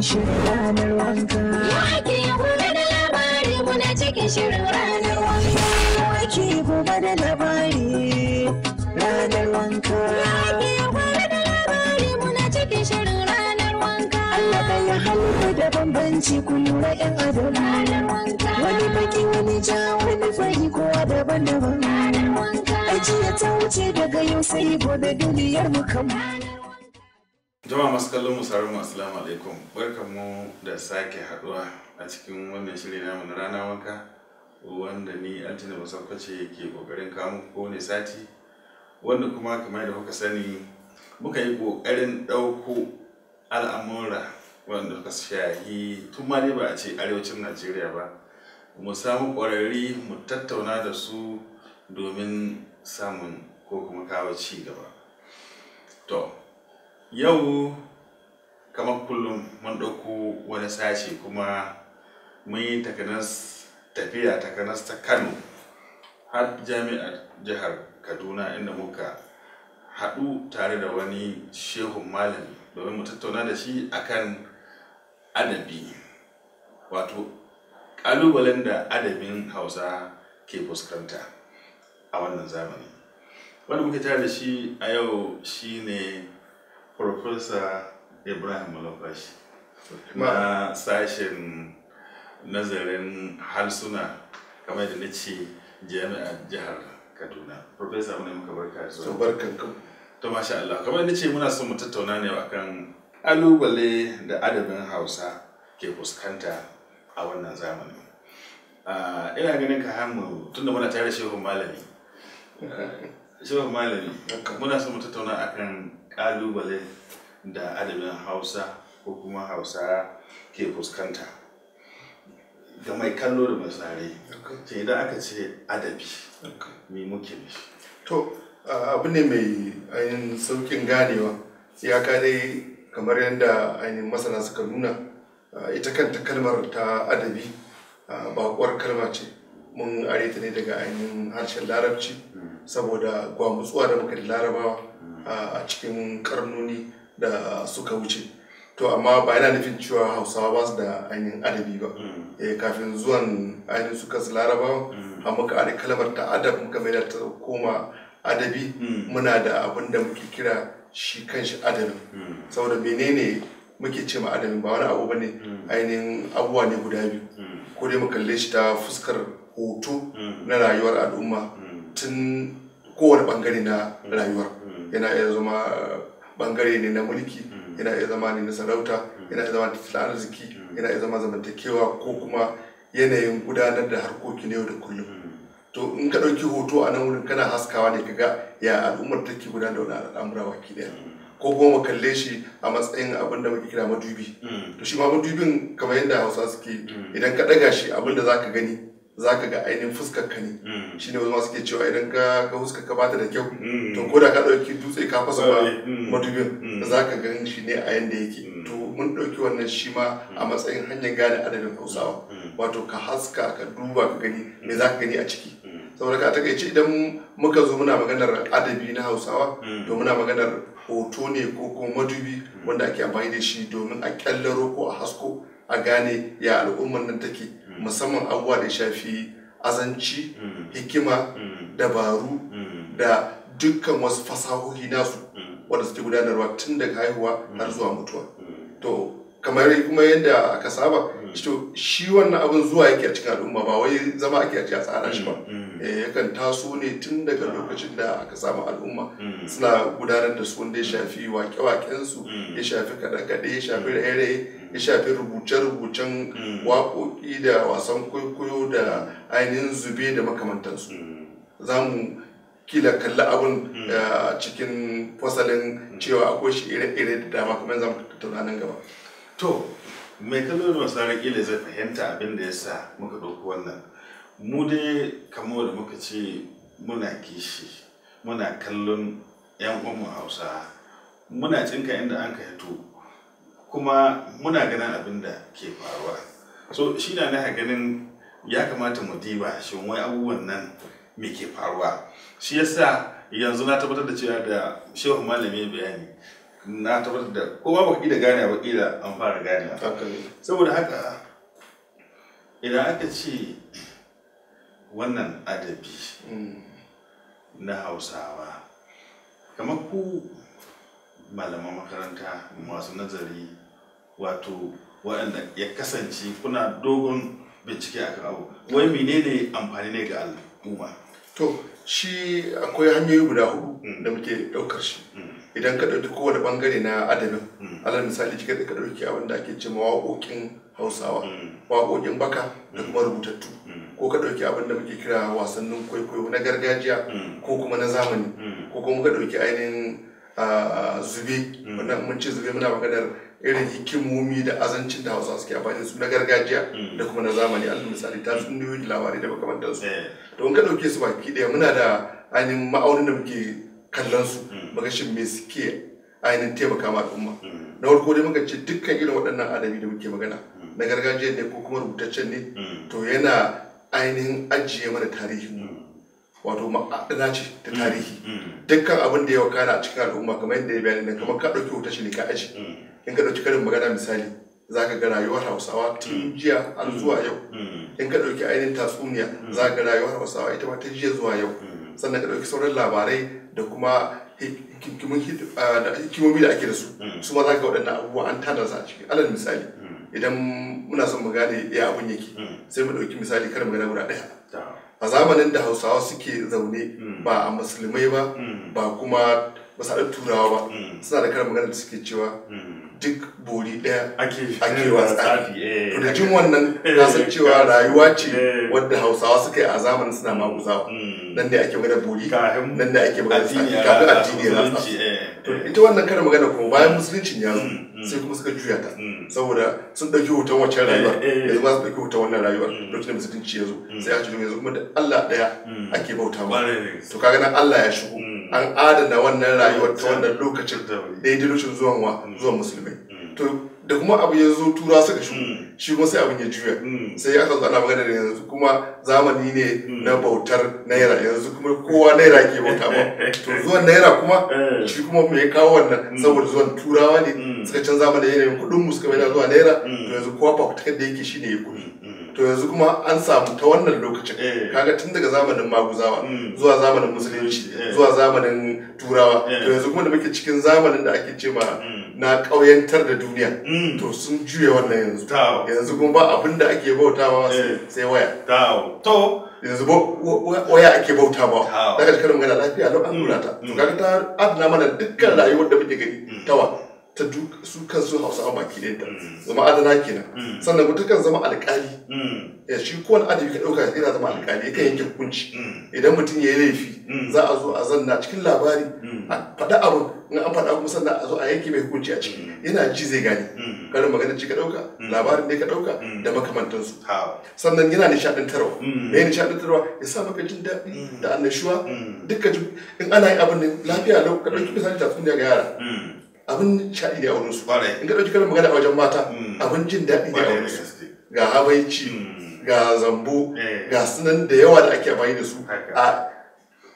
cikin shirin ranar wanka. Wake gobe da labari mu na cikin shirin ranar wanka. Wake gobe da labari ranar wanka. Wake gobe da labari mu na cikin shirin ranar wanka. Allah ɗaya halitta da bambanci ku lura 'yan adam. Ranar wanka. Wani baki wani ja wani fari kowa daban-daban. Ranar wanka. Ajiya ta wuce daga yau sai gobe duniyar mu kama. jama'a masu kallon mu sarar mu assalamu alaikum barkamu da sake haduwa a cikin wannan shirin na mun rana wanka wanda ni antina basakwace ke kokarin kamu ne sati wanda kuma kamar da kuka sani muka yi kokarin ɗauko al'amura wanda suka shahi tun ma ba a ce arewacin najeriya ba mu samu ƙwararri mu tattauna da su domin samun ko kuma kawo ci gaba to yau kamar kullum mun ɗauko wani sashi kuma mun yi takanas tafiya takanas ta kano har jami'ar jihar kaduna inda muka haɗu tare da wani shehun malami domin mu tattauna da shi akan adabi wato ƙalubalen da adabin hausa ke fuskanta a wannan zamani wanda muke tare da shi a yau shine Profesa Ibrahim Malafashi na sashen nazarin harsuna kamar da na ce jami'ar jihar Kaduna. Profesa muna muka barka zuwa. barkan ku. To masha Allah kamar da ce muna son mu tattauna ne akan kalubale da adabin Hausa ke fuskanta a wannan zamanin. Ah, ina ganin ka hamu tunda muna tare Shehu malami. Shehu malami muna son mu tattauna akan ƙalubale da adamin hausa ko kuma hausa ke fuskanta ga mai kallo da masarai ce idan aka ce adabi me muke ne. to abu ne mai ainihin saukin ganewa iyaka dai kamar yadda ainihin masana suka nuna ita kanta kalmar ta adabi bakuwar kalma ce mun areta ne daga ainihin harshen larabci hmm. saboda gwamutsuwa da muka da larabawa a cikin karnoni da suka wuce to amma ba yana nufin cewa hausawa ba su da ainihin adabi ba hmm. eh, kafin zuwan ainihin suka su laraba a hmm. muka ari kalmar ta adab muka mai ta koma adabi hmm. muna da abin da muke kira shi kan shi adabi saboda menene muke ce ma adabin ba wani abu bane ainihin abuwa ne guda biyu ko dai mu kalle shi ta fuskar hoto na rayuwar al'umma tun kowane bangare na rayuwar yana iya zama bangare ne na mulki hmm. yana iya zama ne na sarauta hmm. yana iya zama tattalin arziki hmm. yana iya zama zamantakewa ko kuma yanayin gudanar da harkokin yau da kullum to in ka ɗauki hoto a nan wurin kana haskawa ne kaga ya al'ummar take gudanar da wani al'amura baki ɗaya ko kuma mu kalle shi a matsayin abin da muke kira madubi to shi ma madubin kamar yadda hausa suke idan ka ɗaga shi abin da zaka gani za ka ga ainihin fuskar ka ne mm. shi ne wasu ke cewa idan ka ka fuskar ka bata da kyau mm. to ko da ka ɗauki dutse ka fasa ba mm. madubin za ka gan shi ne a yanda yake to mun ɗauki wannan shi ma a matsayin hanyar gane adadin hausawa wato ka haska ka duba ka gani me za ka gani a ciki saboda ka takaice idan muka zo muna maganar adabi na hausawa to muna maganar hoto ne ko kuma madubi wanda ake amfani da shi domin a kyallaro ko a hasko a gane ya al'ummar nan take musamman abubuwa da shafi azanci mm. hikima mm. dabaru mm. da dukkan wasu fasahohi nasu wanda suke gudanarwa tun daga haihuwa har zuwa mutuwa to kamar kuma yadda aka saba to shi wannan abin zuwa yake a cikin al'umma ba wai zama ake a tsara shi ba eh, yakan taso ne tun daga lokacin da aka samu al'umma suna gudanar da su wanda ya shafi wake waƙensu ya shafi kaɗe-kaɗe ya shafi raye-raye ya shafi rubuce-rubucen mm. waƙoƙi da wasan kwaikwayo da ainihin zube da makamantansu mm. za mu kila kalli abin mm. eh, cikin fasalin cewa akwai shi ire-ire da dama kuma za mu tattauna nan gaba to mai kallo da masarar kila zai fahimta abin da ya sa muka ɗauki wannan mu dai kamar da muka ce muna kishi muna kallon 'yan umar hausa muna cinka inda an ka hito kuma muna ganin abin da ke faruwa so shi na na ganin ya kamata mu diba shi wai abubuwan nan me ke faruwa shi yasa yanzu na tabbatar da cewa da shehu malami bayani na tabbatar da kowa ba da gane ba kila an fara gane saboda haka idan aka ce wannan adabi mm. na hausawa kamar ku malaman makaranta masu nazari wato waɗanda ya kasance kuna dogon bincike a abu wai menene amfani ne ga al'umma to shi akwai hanyoyi guda hudu mm. da muke ɗaukar shi mm. idan ka ɗauki kowane bangare na adabin mm. alal misali kika da ka ɗauki abin da ake ce ma waƙoƙin hausawa waƙoƙin baka da kuma rubutattu ko ka ɗauki abin da muke kira wasannin kwaikwayo na gargajiya ko kuma na zamani ko kuma ka ɗauki ainihin ah, zube wannan mun ce zube muna maganar irin hikimomi da azancin da hausa suke amfani su na gargajiya mm. da kuma na zamani alal misali ta tsuniyoyi da labarai da makamantansu eh. to ka dauke su baki daya muna da ainihin ma'aunin da muke kallon su mm. muka shin me suke ainihin taimaka ma al'umma mm. na farko dai muka ce dukkan irin waɗannan adabi da muke magana na gargajiya ne ko kuma rubutaccen ne to yana ainihin ajiye mana tarihi. wato ma'adana ce ta tarihi dukkan abin da ya kana a cikin al'umma kamar yadda ya bayani kamar ka ɗauki wuta shi ne ka aji in ka ɗauki karin magana misali za ka ga rayuwar hausawa tun mm. jiya har mm. zuwa yau mm. in ka ɗauki ainihin tatsuniya za ka ga rayuwar hausawa ita ma ta jiya zuwa yau sannan ka ɗauki sauran labarai da kuma hikimomi da ake da su su ma za ka waɗanda abubuwa an tana su a ciki alal misali idan muna son mu gane ya abun yake sai mu ɗauki misali karin magana guda ɗaya a zamanin da hausawa suke zaune ba a musulmai ba ba kuma masarar turawa ba suna da karin magana da suke cewa duk bori daya ake eh, wasa eh, to da jin wannan kasar cewa eh, rayuwa ce wadda hausawa suka yi a zamanin suna maguzawa hmm. nan da ake magana bori nan da ake magana kafin addini ya rasa to ita wannan karin magana kuma bayan musuluncin ya zo hmm, hmm. sai kuma suka juya ta saboda sun ɗauki hoton wacce rayuwar yanzu ba su ɗauki hoton wannan rayuwar lokacin da musulunci ya zo sai a cikin yanzu kuma da Allah ɗaya ake bauta ba to kaga nan Allah ya shigo an adana wannan rayuwar ta wannan lokacin ya lokacin zuwan wa mm. zuwan musulmi mm. to da kuma abu ya zo tura suka shi mm. shi kuma sai abin ya juya sai aka zo ana magana da yanzu kuma zamani ne na bautar naira yanzu kuma kowa naira ke bauta ba to zuwan naira kuma eh. shi kuma me ya kawo wannan saboda zuwan turawa ne suka can zamani yanayin kuɗin mu suka da zuwa naira to yanzu kowa ba da yake shine ya kuɗi to yanzu kuma an samu ta wannan lokacin eh. kaga tun daga zamanin maguzawa mm. zuwa zamanin musulunci eh. zuwa zamanin turawa eh. to yanzu kuma da muke cikin zamanin da ake ce ma mm. na ƙauyantar da duniya mm. to sun juya wannan yanzu yanzu kuma ba abin da ake bautawa sai waya to yanzu waya ake bauta ba daga cikin magana lafiya lau an nuna ta to kaga ta adana mana dukkan rayuwar da muke gani tawa ta duk su kansu a baki ɗaya ta mm. zama adana kenan mm. sannan mutum kan zama alƙali mm. ya shi wani adabi ka ɗauka yana zama alƙali yakan yanke hukunci idan mutum ya yi laifi za a zo a zanna cikin labari a faɗa abu in an faɗa kuma sannan a zo a yanke mai hukunci a ciki yana ji zai gane karin magana ci ka ɗauka labarin ne ka ɗauka da makamantansu sannan yana nishaɗantarwa me ya nishaɗantarwa ya sa maka jin daɗi da annashuwa Dukkan in ana yin abin lafiya lau ka ɗauki misali tatsuniya ga yara abin shaɗi da a wurin su in ka ɗauki karin magana a wajen mata hmm. abin jin daɗi da a wurin su ga habaici hmm. ga zambo eh. ga sunan da yawa da ake bayi da su a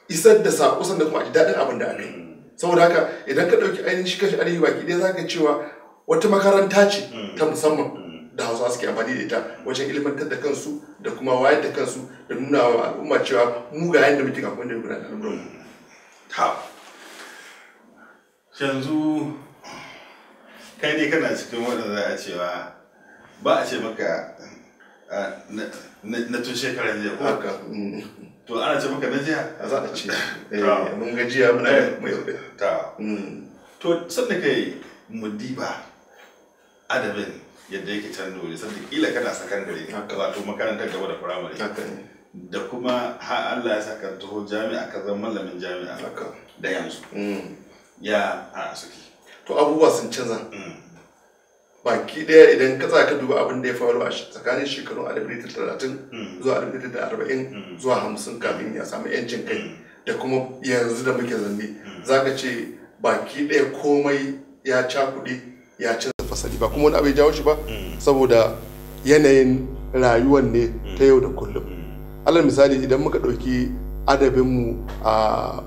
isar da saƙo sannan kuma a ji daɗin abin da aka yi hmm. saboda haka idan ka ɗauki ainihin shi kashi ainihin baki ɗaya za ka cewa wata makaranta ce ta musamman da hausa suke amfani da ita wajen ilmantar da kansu da kuma wayar da kansu da nuna wa al'umma cewa mu ga yadda muke kafin da gudanar da al'amuranmu. yanzu kai ne kana cikin wanda za a cewa ba a ce maka na tun shekaran jiya ko to ana ce maka na jiya a za a ce eh, mun ga jiya muna eh, mai ta mm. to sanda kai mudiba adabin yadda yake can dole sanda kila kana sakandare wato makarantar gaba da firamare da kuma har Allah ya saka taho jami'a ka zama malamin jami'a da yanzu mm. ya a suke to abubuwa sun canza mm. baki daya idan ka tsaka duba abin da ya faru a tsakanin shekarun 1930 mm. zuwa 1940 mm. zuwa 50 kafin ya samu yancin kai da kuma yanzu da muke zanne zaka ce baki daya komai ya ca kuɗi ya canza fasali ba kuma wani abin jawo shi ba saboda yanayin rayuwar ne ta yau da kullum alal misali idan muka ɗauki adabinmu a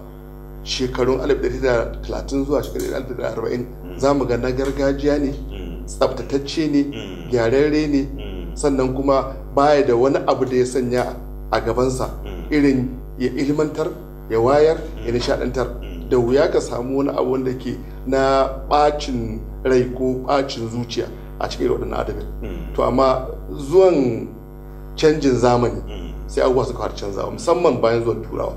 shekarun 1930 zuwa shekarun 1940 mm. za mu ga na gargajiya ne mm. tsabtatacce ne mm. gyararre ne sannan kuma baya da wani abu da ya sanya a gabansa irin ya ilmantar ya wayar ya nishadantar da wuya ka samu wani abu wanda ke na bacin rai ko bacin zuciya a cikin waɗannan adabin to amma zuwan canjin zamani sai abubuwa suka har canzawa musamman bayan zuwan turawa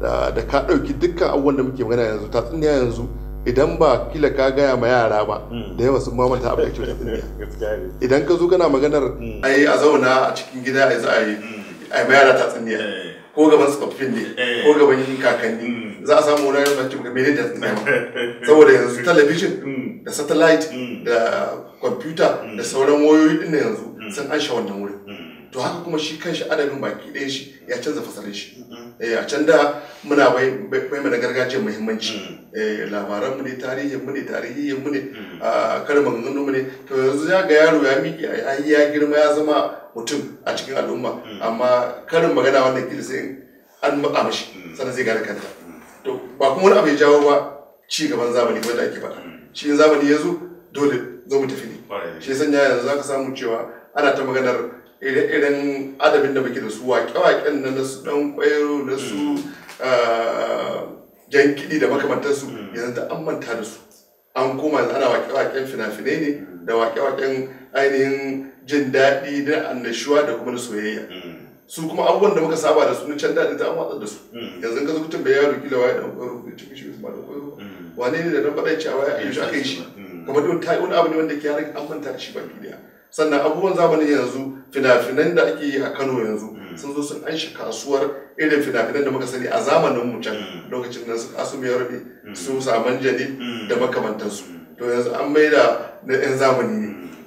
da ka ɗauki dukkan abubuwan da muke magana yanzu ta tsinniya yanzu idan ba kila ka gaya ma yara ba hmm. da yawa sun mamanta abu da kyau tsinniya idan ka zo kana maganar hmm. a yi a zauna a cikin gida a za a yi hmm. a yi mayara ta tsinniya eh. ko gaban tsoffin ne eh. ko gaban kakanni za a samu wani yana cikin mene da tsinniya saboda yanzu talabijin da satellite da kwamfuta da sauran wayoyi din yanzu sun ansha wannan wuri to haka kuma shi kanshi adadin baki ɗaya shi ya canza fasalin shi Eh, a can da muna bai bai mana gargajiyar muhimmanci mm. eh, labaran mu ne tarihin mu ne tarihin mu ne mm. a ah, karin maganganu mu ne to yanzu ya ga yaro ya miƙe an ya girma ya zama mutum a cikin al'umma mm. amma karin magana wannan kila sai an matsa mishi sannan zai gane kanta to ba kuma wani abu ya jawo ba ci gaban zamani wanda ake faɗa shi zamani ya dole zo mu tafi ne shi sanya yanzu za ka samu cewa ana ta maganar ire-iren adabin da muke da su waƙe-waƙen na su ɗan ƙwairo na su hmm. ah, jankidi da makamantarsu hmm. yanzu da an manta da su an koma ana waƙe-waƙen fina-finai ne hmm. da waƙe-waƙen ainihin jin daɗi da annashuwa da kuma na soyayya su kuma abubuwan da muka saba da su na can daɗi ta an watsar da su yanzu ka zukutan bai yaro kila waye ɗan ƙwairo bai cikin shi ba da ƙwairo wane ne da na faɗa cewa ya yi shi aka yi shi kamar wani abu ne wanda ke yaran an manta da shi ba duniya sannan abubuwan zamani yanzu fina-finan da ake yi a kano yanzu hmm. sun zo sun anshi kasuwar irin fina-finan da muka sani a zamanin mu can hmm. lokacin nan su kasu mai rabe su saman jali hmm. da makamantansu to yanzu an maida na yan zamani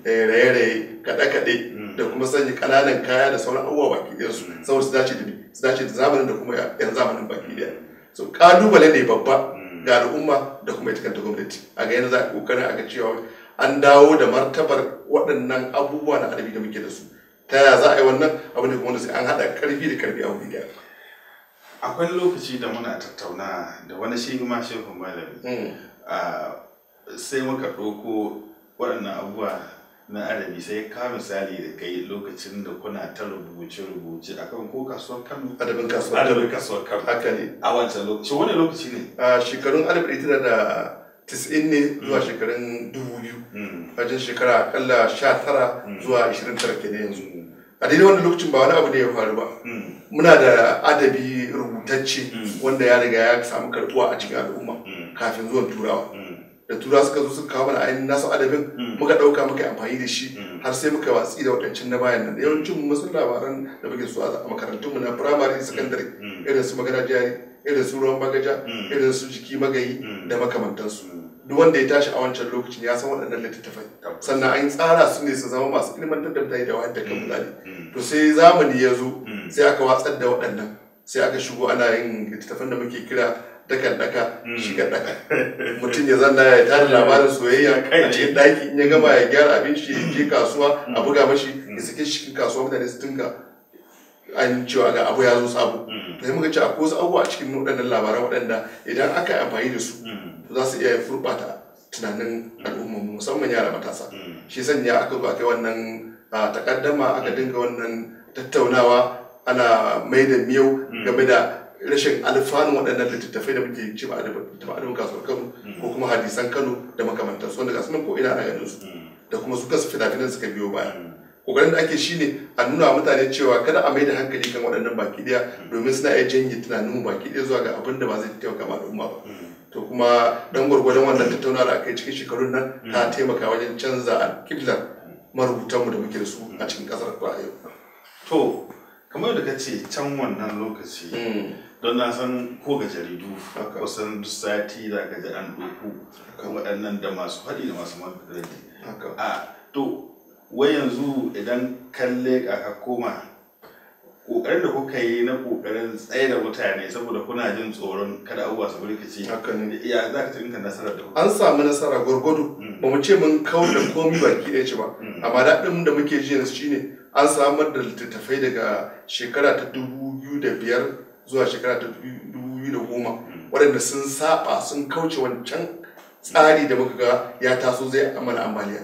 ne eh, raye-raye kaɗe-kaɗe da kuma sanya ƙananan kaya da sauran abubuwa baki ɗaya su saboda su dace da su dace da zamanin da kuma yan zamanin baki ɗaya so ƙalubale ne babba ga al'umma da kuma ita kanta gwamnati a ga yanzu za a ƙoƙarin a ga cewa an dawo da martabar waɗannan abubuwa na adabi da muke da su ta yaya za a yi wannan abu ne kuma wanda sai an haɗa ƙarfi da ƙarfi a wuri akwai lokaci da muna tattauna da wani shehu ma shehu malami hmm. ah, sai muka ɗauko waɗannan abubuwa na arabi sai ka misali da kai lokacin da kuna ta rubuce rubuce akan ko kasuwar Kano adabin kasuwar adabin kasuwar Kano haka ne a wancan lokaci wani lokaci ne a ah, shekarun 1900 90 ne zuwa mm. shekarun 2000 mm. wajen shekara akalla 19 mm. zuwa 29 kenan yanzu a daidai wani lokacin ba wani abu da ya faru ba muna da adabi rubutacce wanda ya riga ya samu karbuwa a cikin al'umma kafin zuwan turawa da turawa suka zo suka kawo mana ainihin nasu adabin muka ɗauka muka yi amfani da shi har sai muka watsi da waɗancan na bayan nan yawancin masu labaran da muke so a makarantunmu na firamare sakandare irin su magana jari irin su ruwan bagaja mm. irin su jiki magayi mm. da makamantansu duk wanda ya tashi a wancan lokacin ya san waɗannan littattafai sannan an tsara su ne su zama masu ilmantar da mutane da wayar da kan mm. mutane to sai zamani ya zo sai aka watsar da waɗannan sai aka shigo ana yin littattafan da muke kira dakan daka shiga daka mutum ya zanna ya tada labarin soyayya a cikin ɗaki in ya gama ya gyara abin shi ya je kasuwa a buga mashi ya sake shi kasuwa mutane su tunka an cewa ga abu ya zo sabo mm. to muka ce akwai wasu abubuwa a cikin waɗannan labaran waɗanda idan aka yi amfani da su mm. za su iya furɓata tunanin mm. al'ummar mu musamman yara matasa shi sanya aka zo aka yi wannan takaddama aka dinga wannan tattaunawa ana mai da miyau game da rashin alfanu waɗannan littattafai da muke ba a da kasuwar kano ko kuma hadisan kano da makamantar su, wanda ga sunan ko ina ana ganin su da kuma su kasu fina-finan suka biyo baya kokarin da ake shi ne, a nuna mutane cewa kada a da hankali kan waɗannan baki ɗaya hmm. domin suna iya janye tunanin baki ɗaya zuwa ga abin da ba zai taimaka ma al'umma ba hmm. to kuma dan gwargwadon wannan tattauna da aka yi cikin shekarun nan hmm. ta taimaka wajen canza marubutan marubutanmu da muke da su a cikin ƙasar a yau to kamar da ka ce can wannan lokaci don na san ko ga jaridu kusan duk sati za ka ji an ɗauko kan waɗannan da masu faɗi da masu haka a to wai yanzu idan kalle ka koma kokarin da kuka yi na kokarin tsaye da mutane saboda kuna jin tsoron kada abubuwa su rikici ya za ka tunka nasarar da an samu nasara gwargwado mm. ba mu ce mun kawo da komi baki ɗaya ce ba mm. amma daɗin da muke ji yanzu shine an samar da littattafai daga shekara ta dubu biyu da biyar zuwa shekara ta dubu biyu da goma mm. waɗanda sun saba sun kauce wancan tsari da muka ga ya taso zai amana ambaliya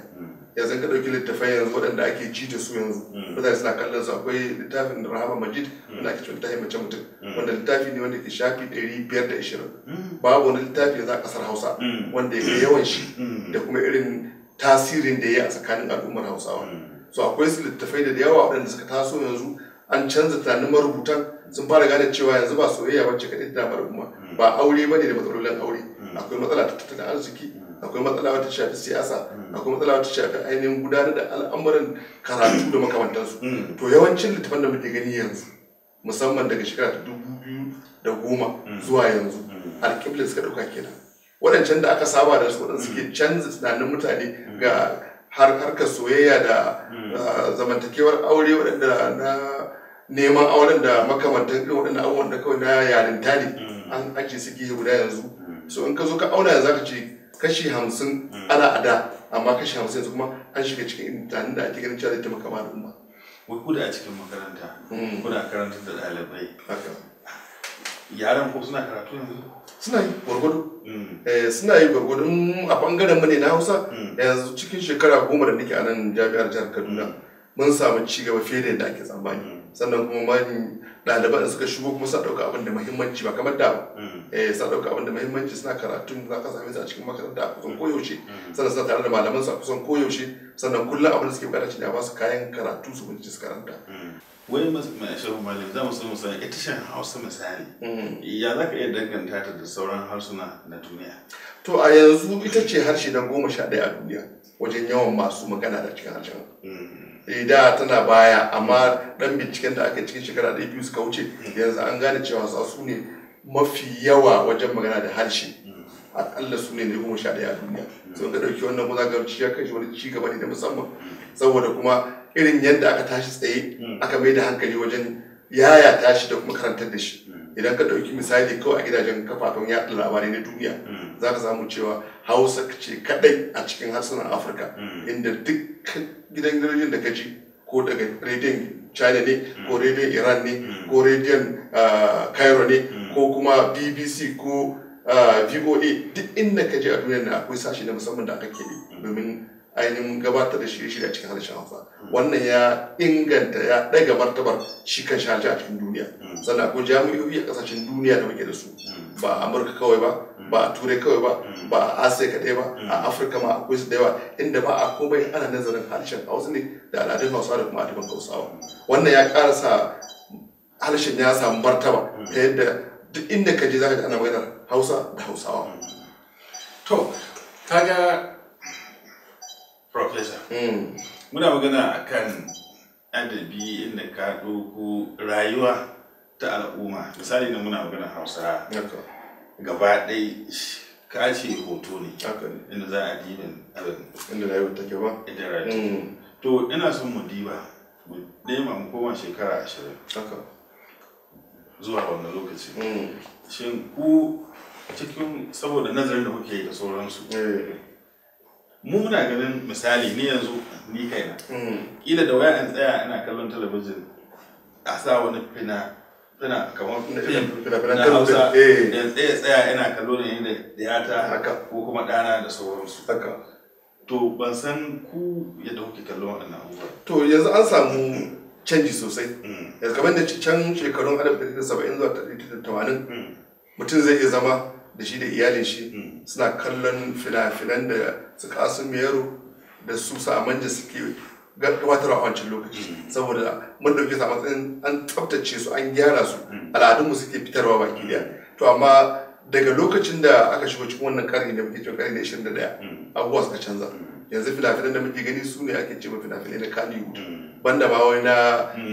yanzu ka ɗauki littafai yanzu waɗanda ake ci da su yanzu hmm. mutane suna kallon su akwai littafin rahama majid hmm. wanda ake cewa littafin mace mutum hmm. wanda littafi ne wanda ke shafi ɗari biyar da ashirin babu wani littafi yanzu a ƙasar hausa wanda ya yawan shi da kuma irin tasirin da ya yi a tsakanin al'ummar hausawa so akwai su littafai da yawa waɗanda suka taso yanzu an canza tunanin marubutan sun fara gane cewa yanzu ba soyayya wacce kaɗai da marubuma ba aure ba ne da matsalolin aure akwai matsala ta tattalin arziki akwai matsala wata shafi siyasa akwai matsala wata shafi ainihin gudanar da al'amuran karatu da makamantansu mm. to yawancin littafan da muke gani yanzu musamman daga shekara ta dubu biyu da goma mm. zuwa yanzu mm. alƙiblin suka ɗauka kenan waɗancan da aka saba da su waɗanda suke canza tunanin mutane ga harkar soyayya da ah, zamantakewar aure waɗanda na neman auren da makamantan irin waɗanda abubuwan da kawai na yarinta ne an ake suke guda yanzu so in ka zo ka auna yanzu ka ce kashi hamsin hmm. ana a da amma kashi hamsin yanzu kuma an shiga cikin intanin da ake ganin cewa zai taimaka ma al'umma. wai kuda a cikin makaranta hmm. kuna karanta da ɗalibai yaran ko suna karatu yanzu suna yi gwargwado hmm. eh, suna yi gwargwado a bangaren mu ne na hausa yanzu cikin shekara goma da nake a nan jami'ar jihar kaduna mun samu cigaba fiye da yadda ake tsammani sannan kuma man ɗaliban suka shigo kuma suna ɗauka abin da muhimmanci ba kamar da mm. eh suna ɗauka abin da muhimmanci suna karatun za ka same su a cikin makaranta a kusan mm. koyaushe mm. sannan suna tare da malaman su a kusan koyaushe sannan kullum abin da suke bukata shi ne a ba su kayan karatu su bincike su karanta wai mai shehu malam za mu so mu sani ita shan hausa misali ya za ka iya danganta ta da sauran harsuna na duniya to a yanzu ita ce harshe na goma sha ɗaya a duniya wajen yawan masu magana da cikin harshen Eh, da tana baya amma dan binciken da aka cikin shekara da biyu suka wuce mm. yanzu an gane cewa su ne mafi yawa wajen magana da harshe mm. akalla su ne goma sha daya a duniya mm. sun ka ɗauki wannan kuma zaka ci ya shi wani ci gaba ne da musamman saboda kuma irin yadda aka tashi tsaye aka mai da hankali wajen yaya tashi da kuma karantar da shi idan ka ɗauki misali kawai a gidajen kafafen yaɗa labarai na duniya hmm. za ka samu cewa hausa ce kaɗai a cikin harsunan afirka hmm. inda duk gidan gidajen da ka ji ko daga rediyon china ne hmm. ko rediyon iran ne ko rediyon ah, cairo ne ko kuma bbc ko ah, voa duk inda ka ji a duniya na akwai sashi na musamman da aka keɓe domin ainihin gabatar da shirye-shirye a cikin harshen hausa wannan ya inganta ya ɗaga martabar shi kan a cikin duniya hmm. sannan akwai jami'o'i a ƙasashen duniya da muke da su hmm. ba a amurka kawai ba hmm. ba a turai kawai ba ba a asiya kaɗai ba a afirka ma akwai su da yawa inda ba a komai ana nazarin harshen hausa ne da al'adun hausa da kuma adabin hausawa wannan ya ƙara sa harshen ya samu martaba ta yadda duk inda ka je za ka ji ana maganar hausa da hausawa to kaga Professor. Mm. Muna magana a kan adabi inda ka ɗauko rayuwa ta al'umma. Misali na muna magana Hausa. Gaba ɗai ka ce hoto ne. Inda za a dibin abin. Inda rayuwa take ba. Inda rayuwa. Mm. To ina son mu diba. Mu nema mu kowa shekara ashirin. Zuwa wannan lokaci. Mm. Shin ku cikin saboda nazarin da kuke da sauransu. Eh. mu muna ganin misali ni yanzu ni kaina ƙila mm. da waya in tsaya ina kallon talabijin a sa wani fina fina kamar fina na hausa eh. da tsaya tsaya ina kallo da yadda haka ko kuma ɗana da sauransu to ban san ku yadda kuke kallon waɗannan abubuwa to yanzu an samu canji sosai mm. yanzu kamar da can shekarun 1970 zuwa 1980 mm. mutum zai iya zama da shi da iyalin shi hmm. suna kallon fina-finan da su kasu meru da su da suke gabatar a wancan lokaci hmm. saboda mun dauke sa matsayin an tsaftace su an gyara su hmm. al'adunmu suke fitarwa baki daya to amma daga lokacin da aka shigo cikin wannan karni da muke cikin karni na 21 abubuwa suka canza yanzu fina-finan da muke gani su ne ake ce ba fina-finai na Kannywood banda ba wai na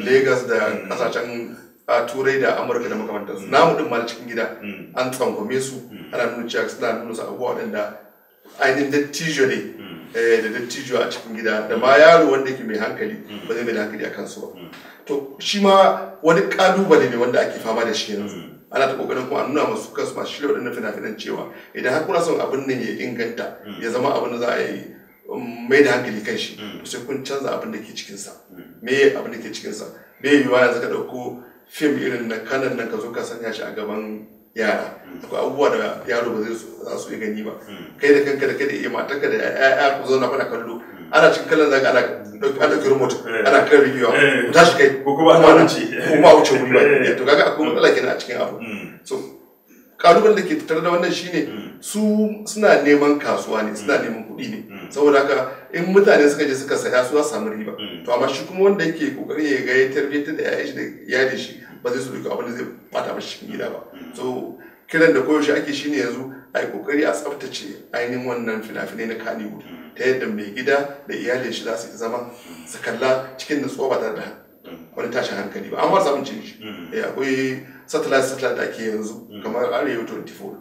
Lagos da kasashen a turai da amurka da makamantansu mm. namu din ma da cikin gida mm. an tsangwame su mm. ana nuna cewa suna nuna su abubuwa waɗanda ainihin dattijo ne eh, da dattijo a cikin gida da ma yaro wanda yake mai hankali ba zai mai da hankali a kansu ba to shi ma wani kalubale ne wanda ake fama da shi yanzu ana ta kokarin kuma a nuna masu kansu masu shirya waɗannan fina-finan cewa idan har kuna son abin nan ya inganta ya zama abin da za a yi um, mai da hankali kan shi sai kun canza abin da ke cikinsa me abin da ke cikinsa me yiwuwa yanzu ka ɗauko fim irin na kanan nan ka zo ka sanya shi a gaban yara akwai abubuwa da yaro ba zai za su iya gani ba hmm. kai da kanka da kai da iya ka da ya'ya ku na fana kallo hmm. ana cikin kallon zaka ana ana ɗauki remote eh. ana kan rigiwa eh. ku tashi kai ko kuma ana ci ko kuma a wuce wuri ba eh. to kaga akwai matsala kenan a cikin abu hmm. so kalubalen da ke tattare da wannan shine hmm. su suna neman kasuwa ne suna hmm. neman kuɗi ne hmm. saboda haka in mutane suka je suka saya su za samu riba to amma shi kuma wanda yake kokarin ya ga ya tarbiyyar da yayin shi da shi ba zai so duka abin da zai bata mashi cikin gida ba so kiran da koyaushe ake shine yanzu a yi kokari a tsaftace ainihin wannan fina-finai na kaniwood ta yadda mai gida da iyalin shi za su zama su kalla cikin nutsuwa ba tare da wani tashin hankali ba an wasa mun cin shi mm. eh, akwai satellite satellite da ke yanzu mm. kamar arewa 24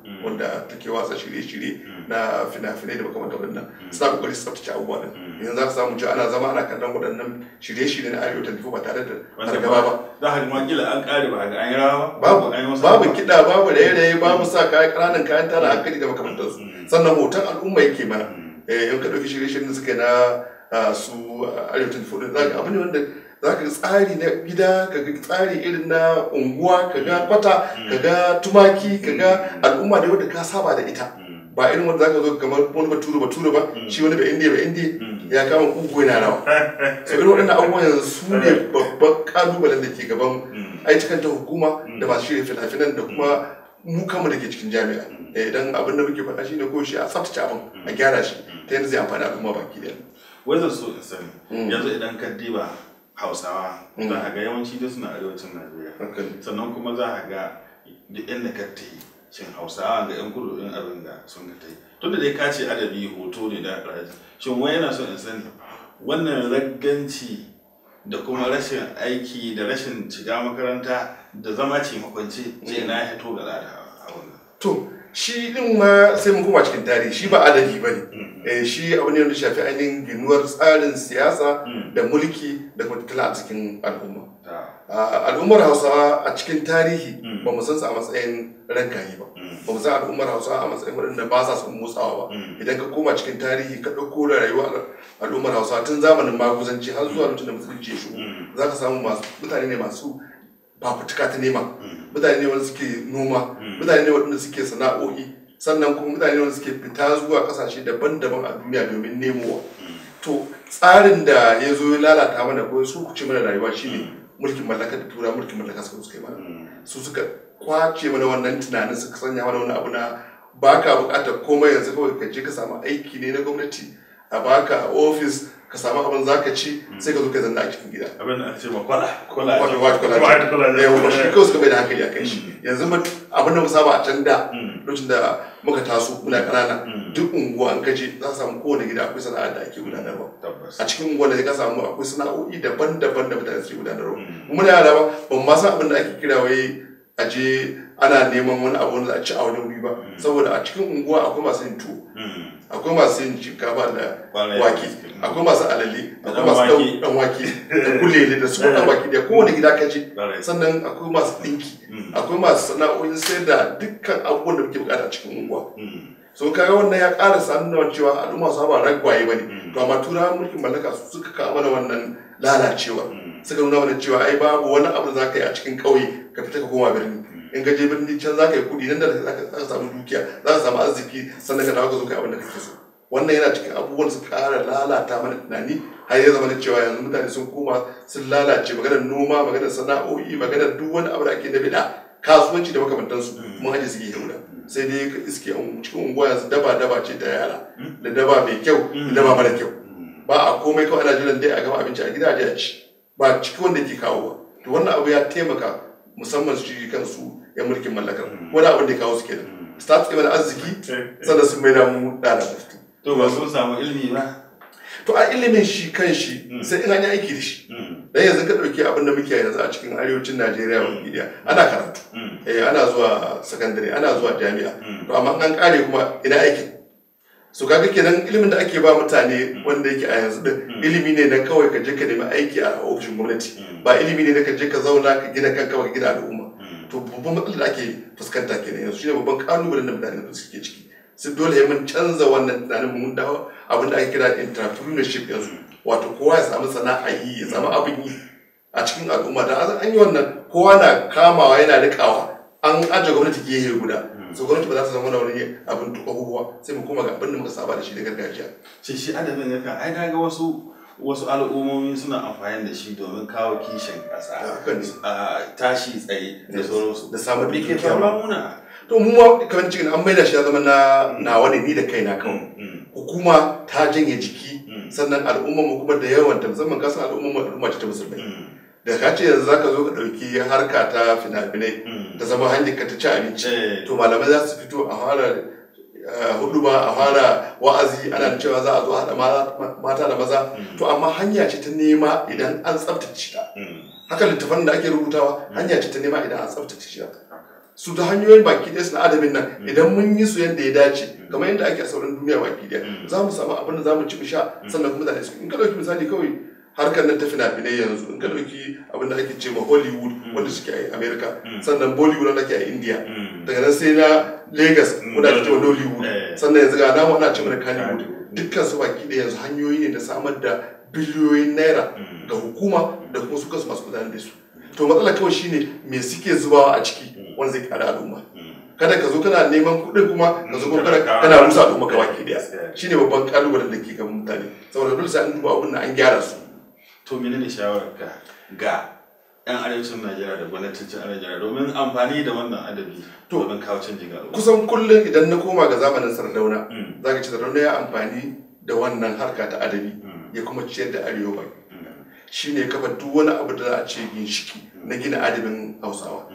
mm. wanda take wasa shirye-shirye na fina-finai da makamanta waɗannan suna kokari su tsaftace abubuwa din yanzu za ka samu cewa ana zama ana kallon waɗannan shirye-shirye na arewa 24 ba tare da fargaba ba za ka ma kila an kare ba an yi rawa babu babu kiɗa babu raye-raye babu sa kayan ƙananan kayan tara hankali da makamantansu sannan hoton al'umma yake mana eh, in ka ɗauki shirye-shiryen da suke na ah, su ah, arewa 24 abin ne wanda za ka ga tsari na gida ka ga tsari irin na unguwa ka ga kwata ka ga tumaki ka ga al'umma da wadda ka saba da ita ba irin wanda zaka zo kamar wani bature bature ba mm. shi wani ba indiya ba indiya mm. ya kama kugu yana rawa so irin waɗannan abubuwan yanzu su ne eh. babban kalubalen da ke gaban mm. ta hukuma da masu shirin fina-finan da kuma mu da ke cikin jami'a idan eh, abin da muke faɗa shine ko shi a tsaftace abin a gyara shi ta yadda zai amfani al'umma baki ɗaya. Wai zan so in sani yanzu idan ka diba hausawa za mm. a ga yawanci da suna arewacin najeriya sannan kuma za a ga duk inda ka ta yi shin hausawa ga yan kudu ɗin abin da sun ka ta yi tun da dai ka ce adabi hoto ne da raji shin wani yana son in sani wannan ragganci da kuma rashin aiki da rashin shiga makaranta da zama ce makwance ce na hito ga lada a wannan to shi din ma sai mu koma cikin tarihi shi ba adadi ba ne mm-hmm. eh, shi abu ne wanda shafi ainihin ginuwar tsarin siyasa mm. da mulki da kuma a cikin al'umma al'ummar hausawa a cikin tarihi mm. ba mu san su a matsayin rankaye ba mm. ba mu san al'ummar hausawa a matsayin da ba sa son motsawa ba idan ka koma cikin tarihi ka ɗauko da rayuwa al'ummar Hausa tun zamanin maguzanci har zuwa lokacin da musulunci ya shigo za ka samu mutane ne masu cika ta nema mm. mutane ne wanda suke noma mm. mutane ne wanda suke sana'o'i sannan kuma mutane ne wanda suke fita zuwa kasashe daban-daban a duniya domin nemowa mm. to tsarin da ya zo ya lalata mana ko su kuce mana rayuwa shine mulkin mallaka da tura mulkin mallaka suka suka yi mana su suka kwace mana wannan tunanin suka sanya mana wani abu na baka bukatar komai yanzu kawai ka je ka samu aiki ne na gwamnati a baka ofis ka samu abin za ka ci sai ka zo ka zanna a cikin gida abin da ake ma kwala kwala kwala kwala kwala kwala yawa shi kawai suka bai da hankali a kai shi mm. yanzu abin da mu saba a can da mm. lokacin da muka taso muna ƙanana mm. duk unguwa an kaje za ka samu kowane gida akwai sana'ar da ake gudanarwa a cikin unguwa da ka samu akwai sana'o'i daban-daban da mutane suke gudanarwa muna yara ba ban ma san abin da ake kira wai aje ana neman wani abu wanda a ci a wani wuri ba hmm. saboda a cikin unguwa akwai masu yin tuwo hmm. akwai masu yin shinkafa da wake hmm. akwai masu alale akwai masu dan wake da kulele da su dan wake da kowane gida ka ce sannan akwai masu dinki akwai masu sana'o'in sayar da dukkan abubuwan da muke bukata a cikin unguwa so kaga wannan ya ƙara sanuwa cewa al'umma su ba ragwaye bane to amma turawan mulkin mallaka suka kawo mana wannan lalacewa suka nuna mana cewa ai babu wani abu da za ka yi a cikin ƙauye ka fita ka koma birni in ka je birni can za ka yi kuɗi nan da za ka samu dukiya za ka samu arziki sannan ka dawo ka zo kai abin da kake so wannan yana cikin abubuwan su ƙara lalata mana tunani har ya zama da cewa yanzu mutane sun koma sun lalace maganar noma maganar sana'o'i maganar duk wani abu da ake da bida kasuwanci da makamantansu mun aje suke yauda sai dai iske cikin unguwa yanzu daba daba ce ta yara da daba mai kyau da daba mara kyau ba a komai kawai ana jiran dai a gama abinci a gidaje a ci ba cikin wanda ke kawo ba to wannan abu ya taimaka musamman su kansu yan mulkin mallakar hmm. wani da da ya kawo su kenan hmm. su ta tsibar arziki eh, eh. sannan sun mai damu ɗana mufti to ba sun samu ilimi ba to a ilimin shi kan shi hmm. sai in an yi aiki da shi dan yanzu ka ɗauki abin da muke yanzu a cikin arewacin najeriya mu gidiya ana karatu eh ana zuwa sakandare ana zuwa jami'a to amma an kare kuma ina aiki su kaga kenan ilimin da ake ba mutane wanda yake a yanzu din ilimi ne na kawai ka je ka nemi aiki a ofishin gwamnati ba ilimi ne na ka je ka zauna ka gina kanka ka gina al'umma to babban matsalar da ake fuskanta kenan yanzu shine babban kalubalen da mutane da suke ciki sai dole ya mun canza wannan tunanin mun dawo abinda ake kira entrepreneurship yanzu wato kowa ya samu sana'a yi ya zama abin yi a cikin al'umma da an yi wannan kowa na kamawa yana rikawa an aje gwamnati gehe guda hmm. so gwamnati ba za ta zama wani abin tuka sai mu koma ga abin da muka saba da shi da gargajiya shi shi adamin ka ai ga wasu wasu al'ummomi suna amfani da shi domin kawo kishin ƙasa a tashi tsaye da sauransu da samun da ke muna to mu ma kamar cikin an maida shi ya zama na mm. nawa ne ni da kaina kan mm, mm. hukuma ta janye jiki sannan al'umma mu kuma da yawan ta musamman kasan al'umma mu al'umma ta musulmai da ka ce yanzu zaka zo ka ɗauki harka ta fina-finai ta zama hanyar ka ta ci abinci eh. to malamai za su fito a fara Eh, hudu ba a fara wa'azi ana cewa za a zo haɗa mata da maza mm. to amma hanya ce ta nema idan an tsabtace ta mm. haka littafan da ake rubutawa mm. hanya ce ta nema idan an tsabtace shi su ta hanyoyin baki ɗaya suna adamin nan idan mun yi su yadda ya dace kamar yadda ake a sauran duniya baki ɗaya za mu samu abin da za mu ci mu sha sannan kuma yi su in ka ɗauki misali kawai harkar na ta fina-finai yanzu in ka mm. ɗauki abin ake ce ma hollywood mm. wanda suke a america mm. sannan bollywood na ke a india daga nan sai na lagos wanda ake cewa hollywood eh. sannan yanzu ga namu ana ce mana kannywood dukkan su baki da yanzu hanyoyi ne da samar da biliyoyin naira ga hukuma da kuma su kansu masu gudanar da su to matsala kawai shine me suke zubawa a ciki wanda zai kada al'umma kada ka zo kana neman kuɗin kuma ka zo kana kana rusa al'umma kawai daya shine babban kalubalen da ke gaban mutane saboda dole sai an duba abin da an gyara su to menene shawararka ga 'yan arewacin najeriya da gwamnatocin najeriya domin amfani da wannan adabi domin kawo canji ga kusan kullum idan na koma ga zamanin sardauna mm. za ka ci sardauna ya amfani da wannan harka ta adabi mm. ya kuma ciyar da arewa mm. shi ne kafa duk wani abu da za a ce ginshiki na gina adabin hausawa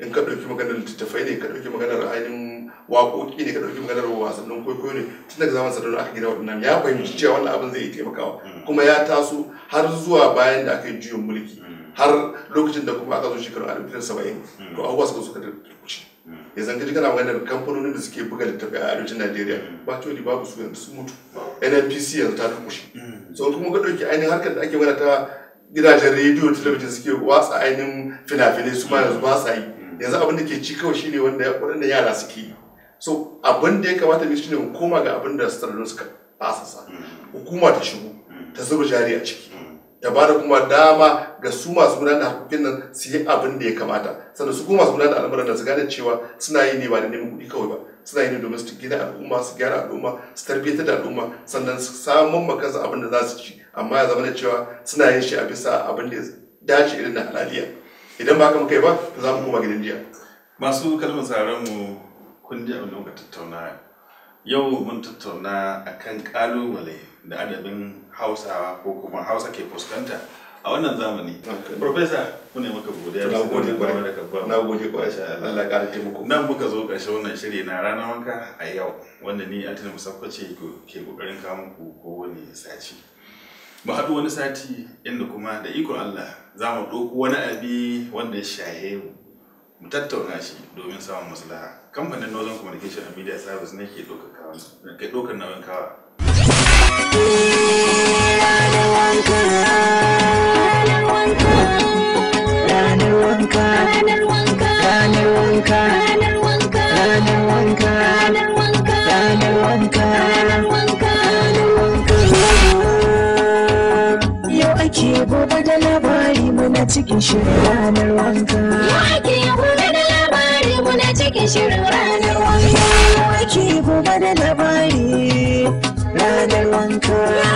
in ka ɗauki maganar littattafai ne ka ɗauki maganar ainihin waƙoƙi ne ka ɗauki maganar wasannin kwaikwayo ne tun daga zaman sadarwa aka gina waɗannan ya fahimci cewa wannan abin zai taimakawa hmm. kuma ya taso har zuwa bayan da aka yi juyin mulki hmm. har lokacin da kuma aka zo shekaru a ɗauki saba'in hmm. to abubuwa suka suka turkuce ya zanga ji kana maganar kamfanonin da suke buga littattafai a arewacin najeriya ba to babu su yanzu sun mutu nnpc yanzu ta turkuce so kuma ka ɗauki ainihin harkar da ake mana ta gidajen rediyo talabijin suke watsa ainihin fina-finai su ma yanzu ba sa yi yanzu abin da ke ci kawai shine wanda waɗanda yara suke yi so abin da ya kamata mu shine mu koma ga abin da sararin suka sa, mm. hukuma ta shigo mm. ta zuba jari a ciki ta mm. bada kuma dama ga su masu gudanar da hakokin nan su yi abin da ya kamata sannan su kuma masu gudanar da al'amuran da su gane cewa suna yi ne ba da neman kuɗi kawai ba suna yi ne domin su gina al'umma su gyara al'umma su tarbiyyar da al'umma sannan su samun ma abin da za su ci amma ya zama da cewa suna yin shi a bisa abin da ya dace irin na halaliya idan ba ka muka yi ba za mu koma gidan jiya masu kalmar tsaron mu kun ji abin da muka tattauna yau mun tattauna akan kalubale da adabin hausawa ko kuma hausa ke fuskanta a wannan zamani. Profesa, muna maka godiya da gode kwarai da kabba. Na gode kwarai sha Allah Allah ƙara taimako. Nan muka zo ƙarshen wannan shiri na ranar wanka a yau wanda ni Antina Musakwace ke kokarin kawo muku kowane sace. mu haɗu wani sati inda kuma da ikon Allah za mu ɗauko wani abi wanda ya shahe mu mu tattauna shi domin samun maslaha kamfanin northern communication and media service ne ke ɗaukar nauyin kawa cikin shirin ranar wanka. Wake gobe da labari muna cikin shirin ranar wanka. waki gobe da labari ranar wanka.